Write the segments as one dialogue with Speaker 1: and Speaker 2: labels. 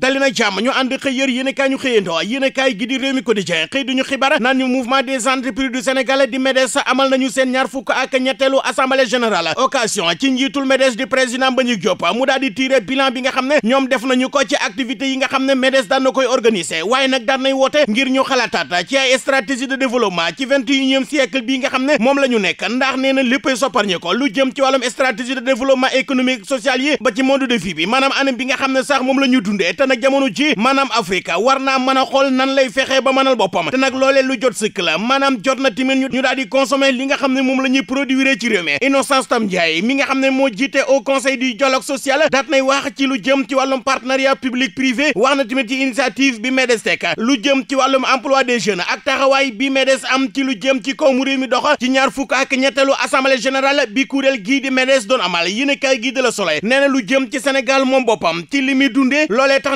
Speaker 1: dali na jàmm ñu ànd xëy yër yéen a kaay ñu xëyandoo yéen a kaay gi di réew mi quotidien xëy duñu xibaar naan ñu di MEDES seen ñaar fukk ak ñetteelu assemblée générale occasion ci njiitul MEDES di président Mbagnick di tiré bilan bi nga xam ne ñoom def nañu ko ci activités yi nga xam ne MEDES daan na koy organiser waaye nag daan nay woote ngir ñu xalaataat ci ay de développement ci vingt bi nga xam ne moom la ñu nekk ndax nee na léppay sopparñi ko lu jëm ci wàllum stratégie de développement économique social yi ba ci mode de vie bi maanaam anam bi nga xam ne sax moom la ñu dundee nag jamono ji maanaam Afrique war naa mën a xool nan lay fexee ba mënal boppam te nag loolee lu jot sëkk la maanaam jot na tamit ñu daal di consommer li nga xam ne moom la ñuy produire ci réew mi Tam Ndiaye mi nga xam ne moo jiite au conseil du dialogue social daat nay wax ci lu jëm ci wàllum partenariat public privé wax na tamit ci initiative bi MEDES teg lu jëm ci wàllum emploi des jeunes ak taxawaay bi MEDES am ci lu jëm ci kaw mu mi dox ci ñaar fukk ak ñetteelu assemblée générale bi kuréel gii di MEDES doon amal yéen la Soleil nee na lu jëm ci Sénégal moom boppam li muy dundee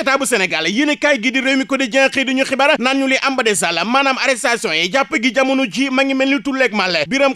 Speaker 1: état bu Sénégal yéen a kaay gi di réew mi ko ba de sàll maanaam arrestation yi jàpp gi jamono ji ma ngi mel ni tulleeg màlle biram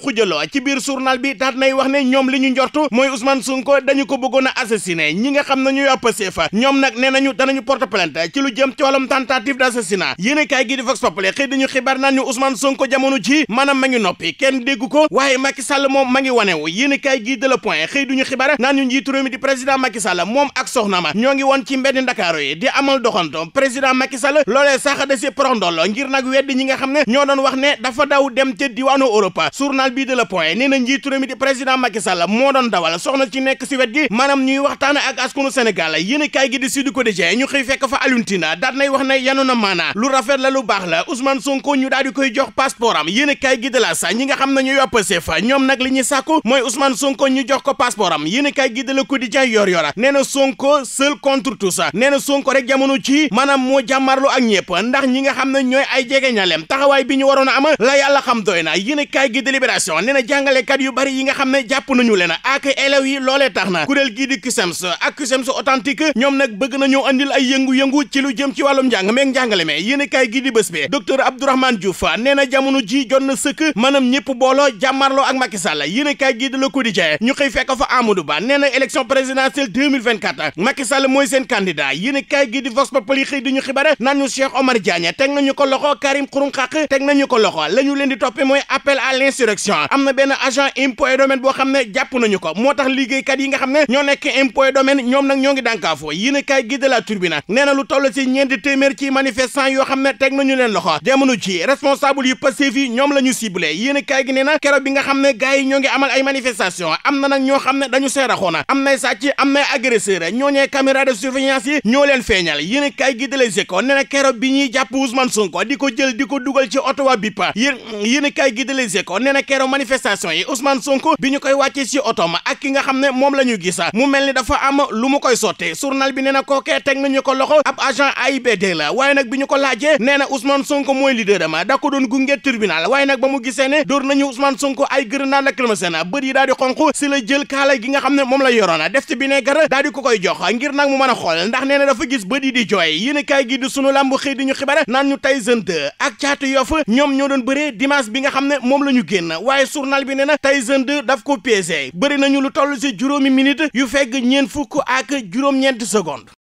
Speaker 1: bi daat nay wax ne ñoom li ñu njortu mooy Ousmane Sonko dañu ko bëggoon a ñi nga xam ne ñu yàppasee fa ñoom nag nee nañu danañu porte plainte ci lu jëm ci wàllum tentative d' a kaay gi di vox populi xëy dañu xibaar naan ñu Ousmane Sonko jamono ji maanaam ma ngi noppi kenn dégg ko waaye Macky Sall moom ma ngi wanewu yéen a kaay gi de la point xëy duñu xibaar naan ñu njiitu réew mi di président Macky Sall moom ak soxna ma ñoo ngi woon ci mbedd Ndakaaru yi yi di amal doxantoom président Macky loolee sax da si porondol ngir nag weddi ñi nga xam ne ñoo doon wax ne dafa daw dem ca diwaanu Europe journal bii de Le Point nee na njiitu réew mi di président Macky Sall moo doon dawal soxna ci nekk si wet gi maanaam ñuy waxtaan ak askanu Sénégal yéen kaay gi di Sud Quotidien ñu xëy fekk fa Alioune daat nay wax ne yanu na lu rafet la lu baax la Ousmane Sonko ñu daal di koy jox passeport am yéen kaay gi de la sa ñi nga xam ne ñu yoppasee fa ñoom nag li ñuy sàkku Sonko rek jamono ci maanaam moo jàmmarloo ak ñëpp ndax ñi nga xam ne ñooy ay jege ñalem taxawaay bi ñu waroon a am la xam doy na yéen kaay gi délibération ne na jàngalekat yu bari yi nga xam ne jàpp nañu leen ak élèves yi loolee tax na kuréel gii di CUSEMS ak CUSEMS authentique ñoom nag bëgg nañoo andil ay yëngu-yëngu ci lu jëm ci wàllum njàng meeg njàngale me yéen kaay gi di bés bi docteur Abdourahmane Diouf na jamono ji jot na sëkk maanaam booloo jàmmarloo ak Macky Sall yéen kaay gi di Le Quotidien ñu xëy fekk fa Amadou na élection présidentielle kaay gi di Vox Populi xëy di ñu Omar Diagne teg nañu ko loxo Karim Xurum Xaq teg nañu ko loxo la ñu leen di toppee mooy appel à l'insurrection am na benn agent impôt et domaine boo xam ne jàpp nañu ko moo tax liggéeykat yi nga xam ne ñoo nekk impôt et domaine ñoom nag ñoo ngi dànkaafoo yéen a kaay gi de la Tribune nee na lu toll ci ñeenti téeméer ci manifestant yoo xam ne teg nañu leen loxo jamono ci responsable yu Pastef yi ñoom la ñu ciblé yéen a kaay gi nee na keroog xam ne gars yi ñoo ngi amal ay ne leen feeñal yéen kaay gi de Les Échos bi ñuy jàpp Ousmane Sonko di ko jël di ko dugal ci oto waa BIP yéen yéen kaay gi de Les Échos na keroog yi Ousmane Sonko bi ñu koy wàccee ci oto ma ak ki nga xam ne moom la ñu gis mu mel ni dafa am lu mu koy sotte journal bi nee na kookee teg nañu ko loxo ab agent AIBD la waaye nag bi ñu ko laajee nee na Ousmane mooy leader ma da ko doon gunge tribunal waaye nag ba mu gisee ne dóor nañu Ousmane Sonko ay grenade lacrymogène la jël kaala gi moom la yoroona def ko koy jox ngir gis bët yi di jooy yéenekaay gi di sunu làmb xëy di ñu xibaar naa ñu Tyson 2 ak caatu Yoff ñoom ñoo doon bëree dimanche bi nga xam ne moom la ñu génn waaye journal bi nee na Tyson 2 daf ko pesé bëri nañu lu toll ci juróomi minute yu fegg ñeen fukk ak juróom-ñeenti seconde